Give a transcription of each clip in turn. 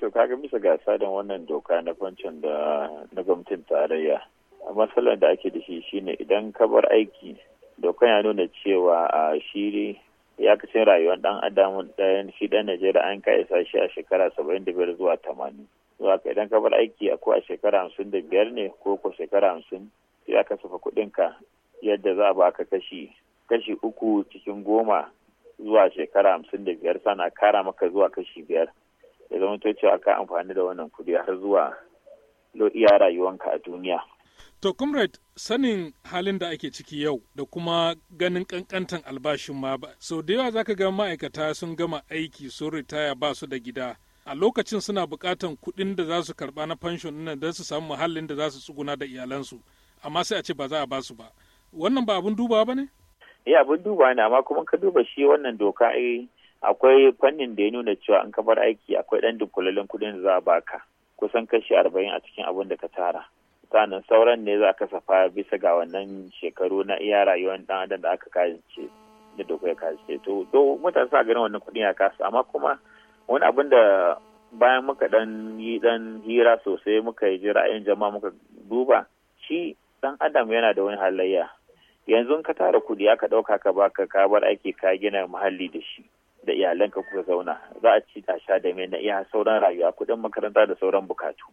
to kaga bisa gasa da wannan doka na kwancin da na gwamnatin tarayya matsalar da ake da shi shine idan ka bar aiki dokan ya nuna cewa a shiri ya kace rayuwar dan adam ɗayan shi dan najeriya an ka isa shi a shekara saba'in da biyar zuwa tamanin zuwa ka idan ka bar aiki a ko a shekara hamsin da biyar ne ko ko shekara hamsin sai aka kuɗin kuɗinka yadda za a baka kashi kashi uku cikin goma zuwa shekara hamsin da biyar sana kara maka zuwa kashi biyar ya zama to cewa ka amfani da wannan kuɗi har zuwa iya rayuwanka a duniya. To, Comrade, sanin halin da ake ciki yau da kuma ganin kankantan albashin ma ba, so da yawa zaka ga ma'aikata sun gama aiki sun ritaya ba su da gida. A lokacin suna bukatan kuɗin da za su karɓa na fanshon nan don su samu muhallin da za su tsuguna da iyalansu, amma sai a ce ba za a ba su ba. Wannan ba abun duba ba ne? Eh abin duba ne, amma kuma ka duba shi wannan doka ai eh, akwai fannin da ya nuna cewa an ka aiki akwai ɗan dukkulalin kuɗin da za a baka kusan kashi arba'in a cikin abin da ka tara sannan sauran ne za a kasafa bisa ga wannan shekaru na iya rayuwar ɗan adam da aka kayance da doka ya to to mutane sa ganin wannan kuɗin ya kasu amma kuma wani abin da bayan muka ɗan yi ɗan hira sosai muka yi ji ra'ayin jama'a muka duba shi ɗan adam yana da wani halayya yanzu ka tara kuɗi aka ɗauka ka baka ka bar aiki ka gina muhalli da shi da iyalanka kuka zauna za a ci a sha da mai na iya sauran rayuwa kuɗin makaranta da sauran bukatu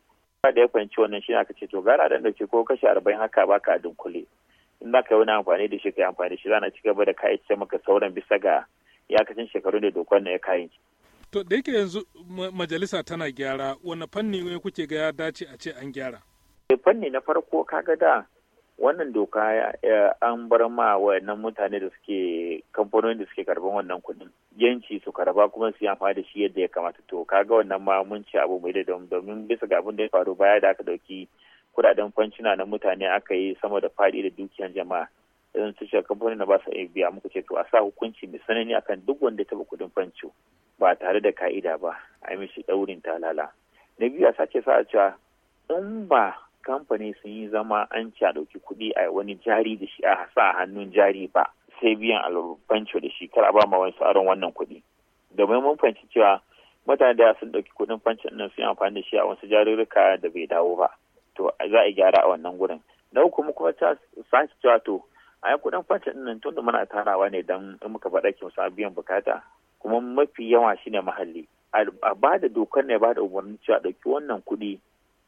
da ya fahimci wannan shi aka ce to gara da ce ko kashe arba'in haka baka a dunkule in za ka yi wani amfani da shi ka yi amfani da shi za na ci gaba da ce maka sauran bisa ga iyakacin shekaru da dokar na ya kayan To da yake yanzu majalisa tana gyara wani fanni ne kuke ga ya dace a ce an gyara? Eh, fanni na farko ka ga da wannan doka eh, an bar ma wayannan mutane da suke kamfanoni da suke karban wannan kuɗin yanci su karba kuma su amfani da shi yadda ya kamata to kaga wannan ma mun ci abu mai da domin bisa ga abin da ya faru baya da aka dauki kudaden fancina na mutane aka yi sama da faɗi da dukiyan jama'a idan su shiga kamfanin na ba su biya muka ce to a sa hukunci mai tsanani akan duk wanda ya taɓa kuɗin fanco ba tare da ka'ida ba a yi mishi ɗaurin talala na biyu a sake sa cewa in ba kamfani sun yi zama an ci a ɗauki kuɗi a wani jari da shi a sa hannun jari ba sai biyan albanco da shi kar a ba ma wani aron wannan kuɗi da mai mun fahimci cewa mutane da sun ɗauki kuɗin fancin nan sun yi amfani da shi a wasu jarurruka da bai dawo ba to za a gyara a wannan gurin na uku mu kuma ta sake cewa to a yi kuɗin fancin nan tun da muna tarawa ne dan in muka faɗa ki musa biyan bukata kuma mafi yawa shine mahalli a ba da dokar ne ba da umarni cewa ɗauki wannan kuɗi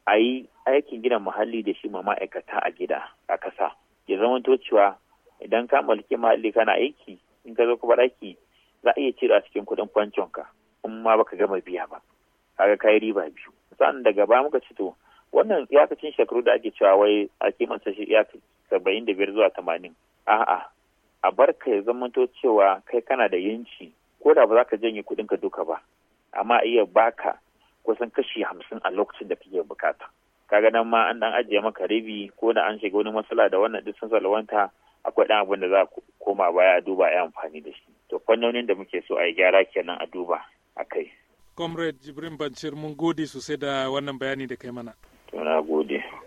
a yi aikin gina muhalli da shi ma ma'aikata a gida a kasa ya zamanto cewa idan ka mallaki muhalli kana aiki in ka zo kuma aiki, za a iya cire a cikin kuɗin ka in ma baka gama biya ba kaga kai riba biyu sa'an daga baya muka ci to wannan iyakacin shekaru da ake cewa wai a kimanta shi iyaka saba'in da biyar zuwa tamanin a'a a bar ka ya zamanto cewa kai kana da yanci ko da ba za ka janye kuɗinka duka ba amma iya baka kusan kashi hamsin a lokacin da kake bukata kaga nan ma an dan ajiye maka rabi ko da an shiga wani matsala da wannan duk sun salwanta akwai dan abin da za koma baya a duba a amfani da shi to fannonin da muke so a yi gyara kenan a duba a kai comrade jibrin bancir mun gode sosai da wannan bayani da kai mana to gode